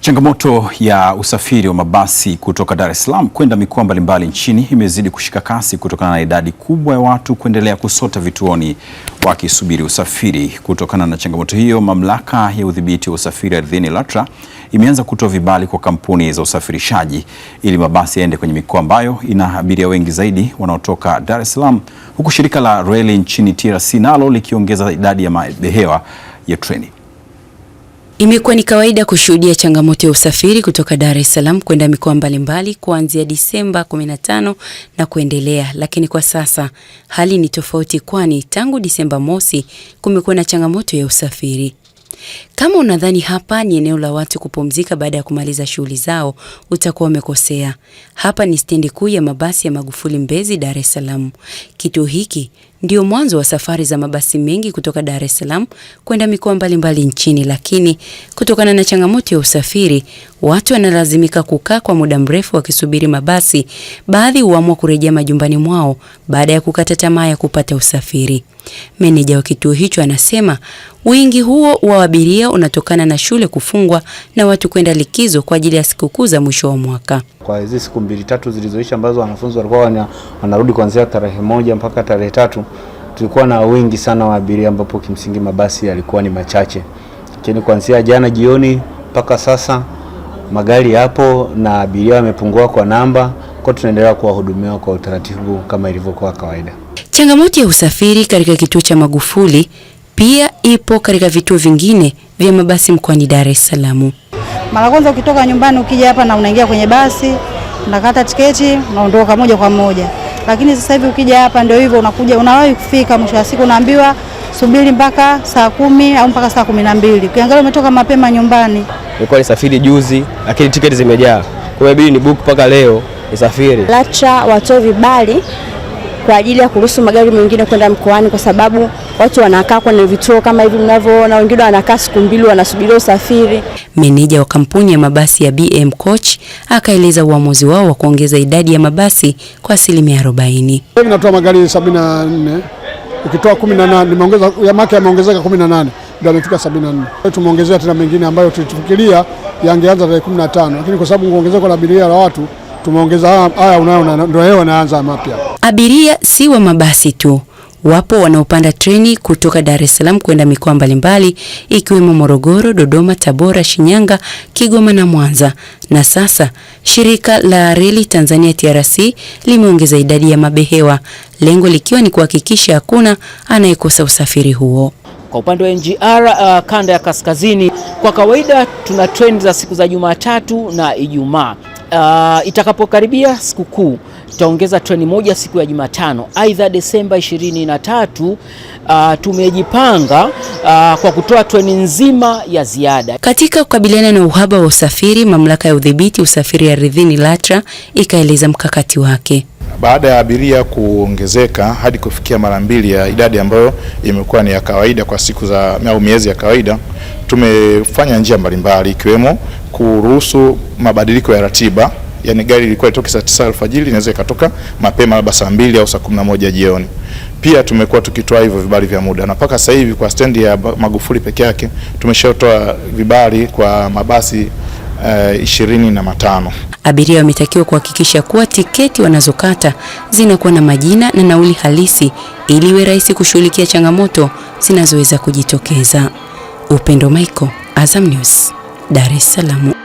Changamoto ya usafiri wa mabasi kutoka Dar es Salaam kwenda mikoa mbalimbali nchini imezidi kushika kasi kutokana na idadi kubwa ya watu kuendelea kusota vituoni wakisubiri usafiri. Kutokana na changamoto hiyo, Mamlaka ya Udhibiti wa Usafiri Ardhini LATRA imeanza kutoa vibali kwa kampuni za usafirishaji ili mabasi yaende kwenye mikoa ambayo ina abiria wengi zaidi wanaotoka Dar es Salaam, huku shirika la reli nchini TRC nalo likiongeza idadi ya mabehewa ya treni. Imekuwa ni kawaida kushuhudia changamoto ya usafiri kutoka Dar es Salaam kwenda mikoa mbalimbali kuanzia Disemba 15 na kuendelea, lakini kwa sasa hali ni tofauti, kwani tangu Disemba mosi kumekuwa na changamoto ya usafiri. Kama unadhani hapa ni eneo la watu kupumzika baada ya kumaliza shughuli zao, utakuwa umekosea. Hapa ni stendi kuu ya mabasi ya Magufuli Mbezi, Dar es Salaam. Kituo hiki ndio mwanzo wa safari za mabasi mengi kutoka Dar es Salaam kwenda mikoa mbalimbali nchini, lakini kutokana na changamoto ya usafiri, watu wanalazimika kukaa kwa muda mrefu wakisubiri mabasi. Baadhi huamua kurejea majumbani mwao baada ya kukata tamaa ya kupata usafiri. Meneja wa kituo hicho anasema wingi huo wa abiria hiyo unatokana na shule kufungwa na watu kwenda likizo kwa ajili ya sikukuu za mwisho wa mwaka. Kwa hizi siku mbili tatu zilizoisha ambazo wanafunzi walikuwa wana, wanarudi kuanzia tarehe moja mpaka tarehe tatu tulikuwa na wingi sana wa abiria, ambapo kimsingi mabasi yalikuwa ni machache, lakini kuanzia jana jioni mpaka sasa magari yapo na abiria wamepungua kwa namba, kwa tunaendelea kuwahudumia kwa utaratibu kama ilivyokuwa kawaida. Changamoto ya usafiri katika kituo cha Magufuli pia ipo katika vituo vingine vya mabasi mkoani Dar es Salaam. Mara kwanza ukitoka nyumbani ukija hapa na unaingia kwenye basi, unakata tiketi, unaondoka moja kwa moja. Lakini sasa hivi ukija hapa ndio hivyo, unakuja unawahi kufika, mwisho wa siku unaambiwa subiri mpaka saa kumi au mpaka saa kumi na mbili. Ukiangalia umetoka mapema nyumbani. Nilikuwa nisafiri juzi, lakini tiketi zimejaa, kwa hiyo bidi ni book mpaka leo nisafiri. LATRA watoe vibali kwa ajili ya kuruhusu magari mengine kwenda mkoani kwa sababu watu wanakaa kwenye vituo kama hivi mnavyoona, wengine wanakaa siku mbili wanasubiria usafiri. Meneja wa kampuni ya mabasi ya BM Coach akaeleza uamuzi wao wa kuongeza idadi ya mabasi kwa asilimia 40. Natoa magari 74 ukitoa 18 nimeongeza ya maki yameongezeka 18 ndio amefika 74. Tumeongezea tena mengine ambayo tulifikiria yangeanza tarehe 15, lakini kwa sababu kuongezeka kwa abiria la watu tumeongeza haya, unayo ndio yeye anaanza mapya. Abiria si wa mabasi tu Wapo wanaopanda treni kutoka Dar es Salaam kwenda mikoa mbalimbali ikiwemo Morogoro, Dodoma, Tabora, Shinyanga, Kigoma na Mwanza. Na sasa shirika la reli Tanzania TRC limeongeza idadi ya mabehewa, lengo likiwa ni kuhakikisha hakuna anayekosa usafiri huo. Kwa upande wa NGR uh, kanda ya kaskazini, kwa kawaida tuna treni za siku za Jumatatu na Ijumaa. Uh, itakapokaribia sikukuu tutaongeza treni moja siku ya Jumatano. Aidha, Desemba 23 uh, tumejipanga uh, kwa kutoa treni nzima ya ziada. Katika kukabiliana na uhaba wa usafiri, mamlaka ya udhibiti usafiri ardhini LATRA ikaeleza mkakati wake baada ya abiria kuongezeka hadi kufikia mara mbili ya idadi ambayo imekuwa ni ya kawaida kwa siku za au miezi ya kawaida, tumefanya njia mbalimbali ikiwemo kuruhusu mabadiliko ya ratiba yani gari ilikuwa itoke saa tisa alfajiri inaweza ikatoka mapema labda saa mbili au saa kumi na moja jioni. Pia tumekuwa tukitoa hivyo vibali vya muda, na mpaka sasa hivi kwa stendi ya Magufuli peke yake tumeshatoa vibali kwa mabasi uh, ishirini na matano. Abiria wametakiwa kuhakikisha kuwa tiketi wanazokata zinakuwa na majina na nauli halisi ili iwe rahisi kushughulikia changamoto zinazoweza kujitokeza. Upendo Michael, Azam News, Dar es Salaam.